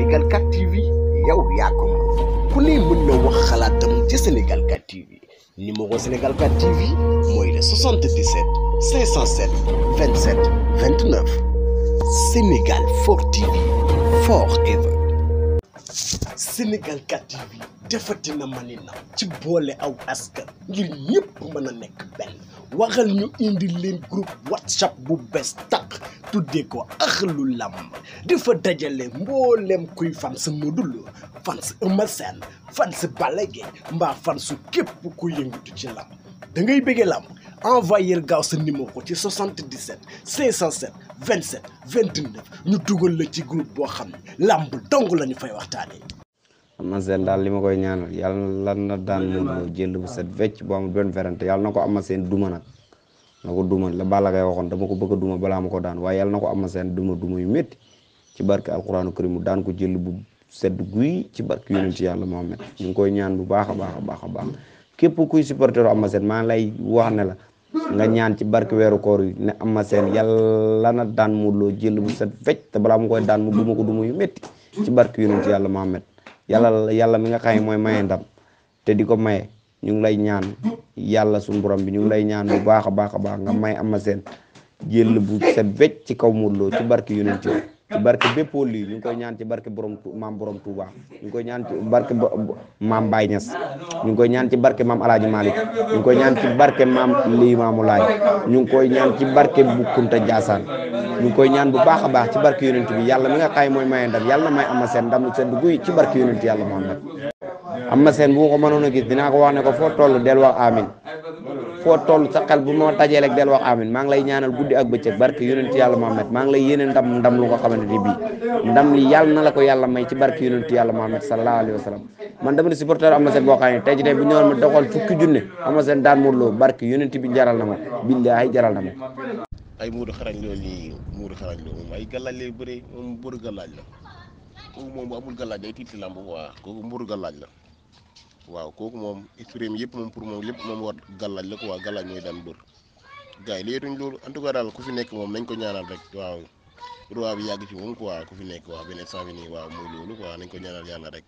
Sénégal 4 TV yow yaa ko moom ku ne mën xalaatam ci Sénégal 4 TV numéro Sénégal 4 TV mooy le 77 507 27 29 Sénégal 4 TV forever Sénégal defati na Maninam ci boole aw askan ngir ñëpp mën a nekk benn waxal ñu indi leen groupe whatsapp bu bees tàq tuddee ko axlu làmb di fa dajale mboolem kuy fan sa Modou Lo fan sa Eumeu Sène fan sa Balla Gaye mbaa fan su képp ku yëngatu ci làmb da ngay bëggee làmb envoyer gaaw sa ko ci 77 507 27 ñu dugal la ci groupe boo xam ne làmb dong la ñu fay waxtaanee. Ama Sène daal li ñaanal yalla na daan mu jël bu set vecc bo am benn yalla nako na ko duma nak nako ko duma la Balla Gaye dama ko bëgg duma bala mako dan. daan waaye yàlla na duma duma yu metti ci barke alquranu karim mu daan ko jël bu set guuy ci barke yonent yalla Muhammad ñu koy ñaan bu baaxa baaxa baaxa baax a baax képp kuy supporter Ama Sène maa lay wax ne la nga ñaan ci barke wëru koor yu ne Ama yalla na daan mu Lo jël bu set vecc te bala ma koy daan mu duma ko duma yu metti ci barke yonent yalla Muhammad yàlla yàlla mi nga xam ne mooy maye ndam te di ko maye ñu ngi lay ñaan yàlla suñu borom bi ñu ngi lay ñaan bu baax a baax a baax nga may Ama Sène jël bu set wecc ci kaw Modou ci barke yonent ci barke bépp lii ñu ngi koy ñaan ci barke borom maam borom Touba ñu ngi koy ñaan ci barke maam Baye Niass ñu ngi koy ñaan ci barke maam Alaaji Malick ñu ngi koy ñaan ci barke maam Limaamu Laay ñu ngi koy ñaan ci barke bu Kunta Jaasaan ñu koy ñaan bu baaxa baax ci barki yonent bi yalla mi nga xay moy maye ndam yalla may amma sen ndam sen dugg ci barke yonent yàlla Muhammad amma sen bu ma ko manono gis dina ko wax ne ko fo tollu del wax amin fo tollu sa xel bu mo tajee rek del wax amin ma ngi lay ñaanal guddi ak bëccëg barki yonent yalla Muhammad ma ngi lay yene ndam ndam lu ko xamante di bi ndam li yalla na la ko yalla may ci barki yonent yalla Muhammad sallallahu alaihi wasallam. man dama ni supporter amma sen bo xani ne tey bu ñor ma doxal fukki junne amma sen daan mo lo barki yonent bi jaral na ma billahi jaral na ma ay muuru xarañ loolu nii muuru xarañ loolu moom ay galaaj lay bëree moom mburu gallaaj la kooku moom bu amul galaaj day kooku mburu galaaj la waaw kooku moom extrême yëpp moom pour moom lépp moom war galaaj la ko waa galaaj mooy daan bër gars yi léetuñ loolu en tout cas ku fi nekk moom nañ ko ñaanal rek waaw roi yàgg ci moom quoi ku fi nekk waaw beneen sant bi nii waaw mooy nañ ko ñaanal yàlla rek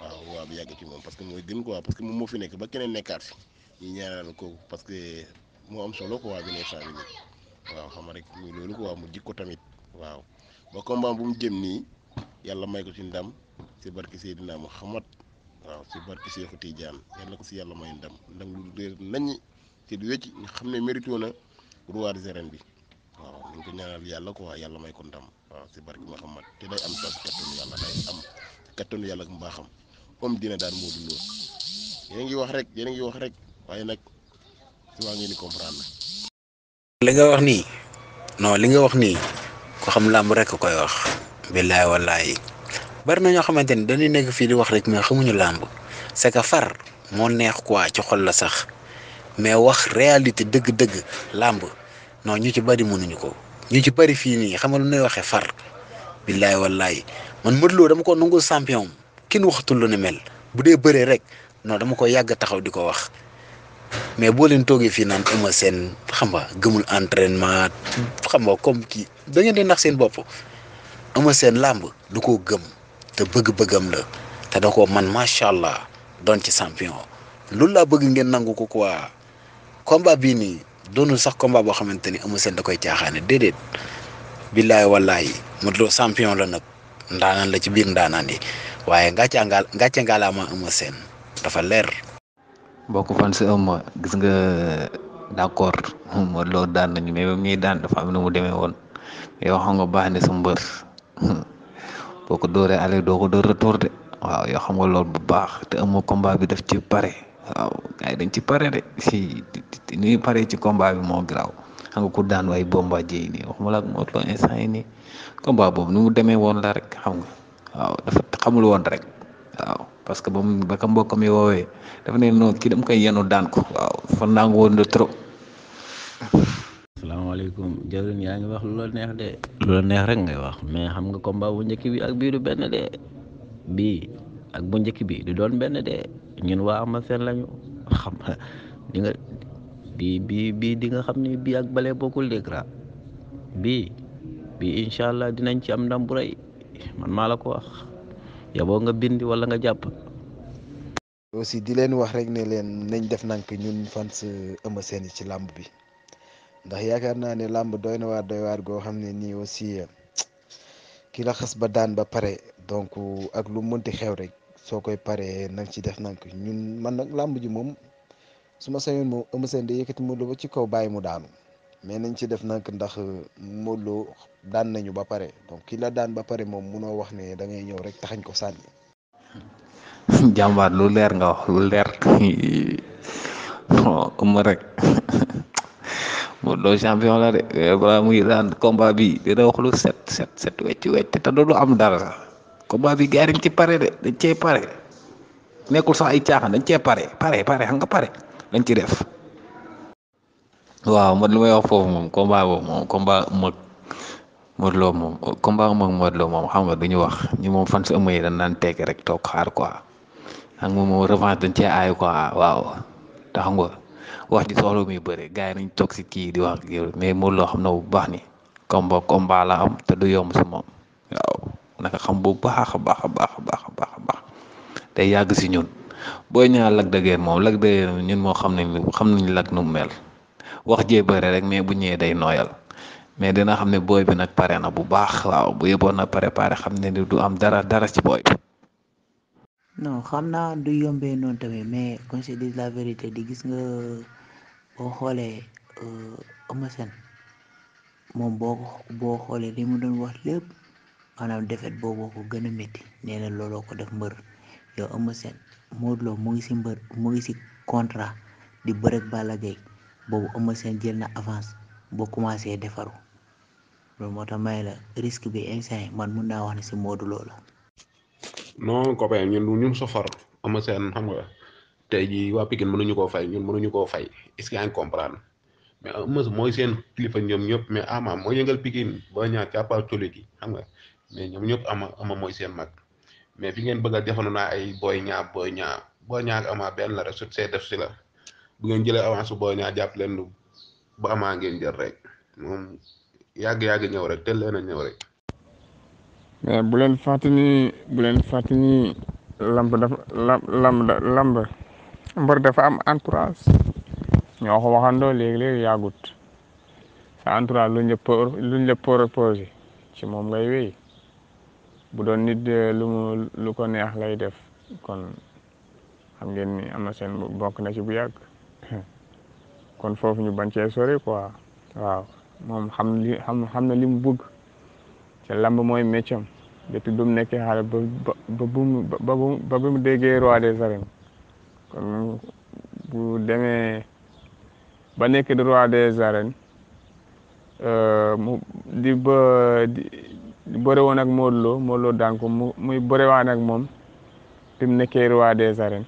waaw roi yàgg ci moom parce que mooy gën quoi parce que moom moo fi nekk ba keneen nekkaat fi ñu ñaanal kooku parce que moo am solo quoi beneen sant nii waaw xam rek muy loolu quoi mu ko tamit waaw ba combat bu mu jëm nii yàlla may ko ci ndam si barki Seydina Muhammad waaw si barki Seexu Tijaan yàlla ko si yàlla may ndam ndam lu réer naññi xam ne mérité na roi des arènes bi waaw ko ñaanal yàlla quoi yàlla may ko si barki Muhammad day am tas kattanu yàlla day am kattanu daan moo dul lool yéen ngi wax rek yéen wax rek waaye nag si waa ngeen comprendre li nga wax nii non li nga wax nii ku xam làmb rek koy wax. billaay wallaay bari na ñoo xamante ni dañuy nekk fii di wax rek mais xamuñu làmb c'est que far moo neex quoi ci xol la sax mais wax réalité dëgg-dëgg làmb non ñu ci bari mënuñu ko ñu ci bari fii nii xam nga lu ñuy waxee far. billaay wallaay man Modou loo dama ko nangu champion kenn waxatul lu ne mel bu dee bëree rek non dama ko yàgg taxaw di ko wax. mais boo leen toogee fii naan Eumeu Sène xam nga gëmul entrainement xam nga comme kii da ngeen di nax seen bopp Eumeu Sène làmb du ko gëm te bëgg-bëggam la te da ko man macha allah doon ci champion loolu laa bëgg ngeen nangu ko quoi combat bii nii doonu sax combat boo xamante ni Eumeu Sène da koy caaxaane déedéet billaay wallaay Modou Lo champion la nag ndaanaan la ci biir ndaanaan yi waaye ngàcce ngaal ngàcce ngaalaama Eumeu Sène dafa leer mbokk fan si ëmma gis nga d'accord Modou Lo daan nañu mais ba ñuy daan dafa am na mu demee woon mais yoo nga baax sa mbër boo ko dóoree aller doo ko dóor waaw yoo xam nga loolu bu baax te ëmma combat bi daf ci pare waaw dañ ci pare de ci combat bi moo garaaw xam nga ku daan bomba jéy nii waxuma la ak Modou Lo boobu ni mu demee woon la rek xam nga waaw xamul woon rek waaw parce que ba mu ba ka mbokkam yi woowee dafa ne non kii dama koy yenu daan ko waaw fa nangu woon na trop. asalaamaaleykum jawrin yaa ngi wax lu la neex de lu la neex rek ngay wax mais xam nga combat bu njëkk bi ak bii du benn bu njëkk bi du doon benn de ñun waa ama seen lañu xam di nga xam ni bii ak bale bokkul de gra bii bii incha allah dinañ ci am ndam bu man maa la ko wax yaboo nga bindi wala nga jàpp. aussi di leen wax rek ne leen nañ def nank ñun fan Eumeu Sène yi ci làmb bi ndax yaakaar naa ne làmb doy na waar doy waar goo xam ne nii aussi ki la xas ba daan ba pare donc ak lu mënti xew rek soo koy paree nag ci def nank ñun man nag làmb ji moom su ma sañoon moom Eumeu Sène day yëkkati mu lu ba ci kaw bàyyi mu daanu. mais nañ ci def nag ndax Modou Lo daan nañu ba pare donc ki la daan ba pare moom munoo wax ne dangay ñëw rek taxañ ko sànni. jàmbaar lu leer nga wax lu leer non loo Modou Lo champion la de eh, balaa muy daan combat bi dina wax lu set set set wecc wecc te doolu am dara sax combat bi gars dañ ci pare de dañ cee pare nekkul sax ay caaxaan dañ cee pare pare pare xam pare dañ ci def. waaw man lu may wax foofu moom combat boobu moom combat ëmëg Modou Lo moom combat ëmëg Modou Lo moom xam nga du ñu wax ñu moom fan si ëmb yi dañ naan teg rek toog xaar quoi ak moom moom revanche dañ cee aay quoi waaw tax nga wax ji soxla muy bëri gars yi nañ toog si kii di wax kii mais Modou Lo xam na bu baax ni combat combat la am te du yomb si moom waaw naka xam bu baax a baax a baax a baax a baax a baax day yàgg si ñun booy ñaar Lac de Guiers moom Lac de Guiers ñun moo xam nañ xam nañ Lac nu mel. wax jee bëre rek mais bu ñëwee day nooyal mais dina xam ne booy bi nag pare na bu baax waaw bu yeboon na pare xam ne du am dara dara ci booy bi. xam naa du yombee noonu tamit mais qu'on se la vérité di gis nga boo xoolee euh, Eumeu Sène moom boo boo xoolee li mu doon wax lépp maanaam defet boobu ko gën a métti nee looloo ko def mbër yow Eumeu Sène Modou Lo mu ngi si mbër mu ngi si contrat di bëreeg Balla Gaye boobu Eumeu Sène jël na avance boo commencé defaru loolu moo ta may la risque bi instant man mun naa wax ne si Modou Lo la. non copain ñun ñun sofor Eumeu Sène xam nga tey jii waa Pikine mënuñu koo fay ñun mënuñu koo fay est-ce que yaa ngi comprendre mais Eumeu mooy seen kilifa ñoom ñëpp mais ama mooy yëngal Pikine ba ñaar càppa toli gi xam nga mais ñoom ñëpp ama ama mooy seen mag mais fi ngeen bëgg a jafandu naa ay booy ñaa booy ñaa booy ñaa ak ama benn la rek su see def si la. bu ngeen jëlee avance bo ñaa jàpp leen lu ba amaa ngeen jël rek moom yàgg yàgg ñëw rek tel leen a ñëw rek. mais bu leen fàtte ni bu leen fàtte ni lamb dafa lamb lamb mbër dafa am entourage ñoo ko waxandoo léegi-léegi yàggut sa entourage luñ la luñ la proposé ci moom ngay wéy bu doon nit lu mu lu ko neex lay def kon xam ngeen ni am na seen bokk na ci bu yàgg kon foofu ñu bañ cee sori waaw moom xam li xam xam na li mu bëgg ca lamb mooy métier am depuis bu mu nekkee xale ba ba ba ba mu déggee roi des arènes kon bu ba nekk di roi des arènes euh, mu di ba di bëre woon ak Modou Lo Modou ko muy bëre waan moom bi mu nekkee roi des arènes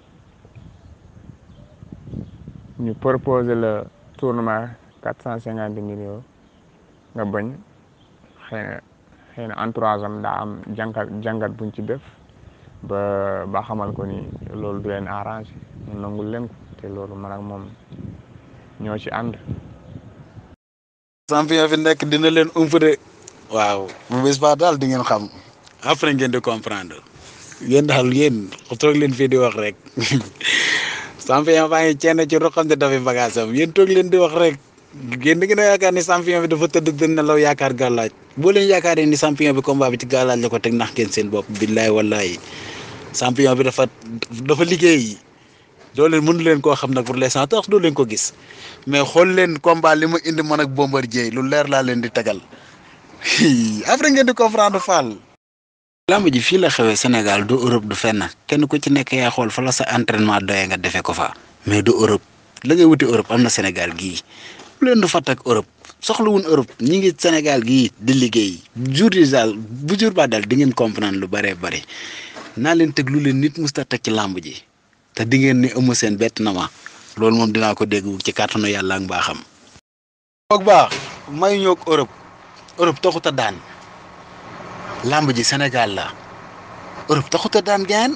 ñu proposé le tournement 450 millions nga bañ xeyna xeyna entourage ans da am jangal jangal buñ ci def ba ba xamal ko ni loolu du leen arrangé ñu nangul leen ko te loolu man ak moom ñoo ci ànd champion fi nekk dina leen ump de waaw bu bis ba daal di ngeen xam après ngeen di comprendre yéen daal yéen toog leen fii di wax rek champion baa ngi ceen ci ruqam di dafi bagage am yéen toog leen di wax rek génn gi a yaakaar ni champion bi dafa tëdd dënn law yaakaar gàllaaj boo leen yaakaaree ni champion bi combat bi ci nax ngeen seen bopp billaay wallaay champion bi dafa liggéey doo leen mënu leen koo xam nag pour l'instant tax doo leen ko gis mais xool leen combat li ma indi man ak Bombardier lu leer laa leen di tagal après ngeen di comprendre Fall làmb ji fii la xewe Sénégal du Europe du fenn kenn ku ci nekk yaa xool fala la sa entraînement doyee nga defee ko fa mais du Europe la ngay wuti Europe am na Sénégal gi lu leen du fàtt ak Europe soxlawuñ Europe ñi ngi Sénégal gi di liggéey jour yi daal bu jour ba daal di ngeen comprendre lu bëree bëri naa leen teg lu leen nit musta teg ci làmb ji te di ngeen ni ëmm seen bett na ma loolu moom dinaa ko dégg ci kàttanu yàlla ak mbaaxam. boog baax may ñoog Europe Europe taxut a daan. làmb ji Sénégal la Europe taxut a daan gaan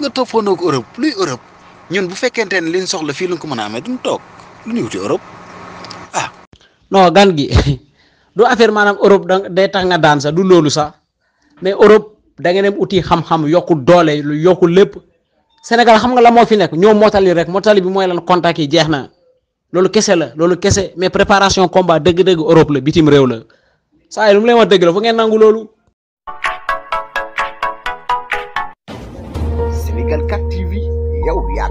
nga toppandoo ko Europe luy Europe ñun bu fekkente ne liñ soxla fii lu ko mën a amee duñ toog lu ñuy wuti Europe ah. gan gi du affaire maanaam Europe da day tax daan sax du loolu sax mais Europe da nga dem uti xam-xam yokku doole lu yokku lépp Sénégal xam nga la moo fi nekk ñoo mottali rek mottali bi mooy lan contact yi jeex na loolu kese la loolu kese mais préparation combat dégg dëgg Europe la bitim réew la saa yi lu mu leen wax dëgg la fu ngeen nangu loolu. Sénégal 4 TV yow yaa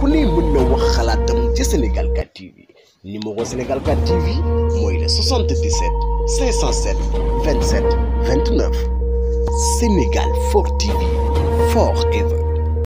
ku ne mën na wax xalaatam ci Sénégal 4 TV numéro Sénégal 4 TV mooy le 77 507 Sénégal 4 TV forever.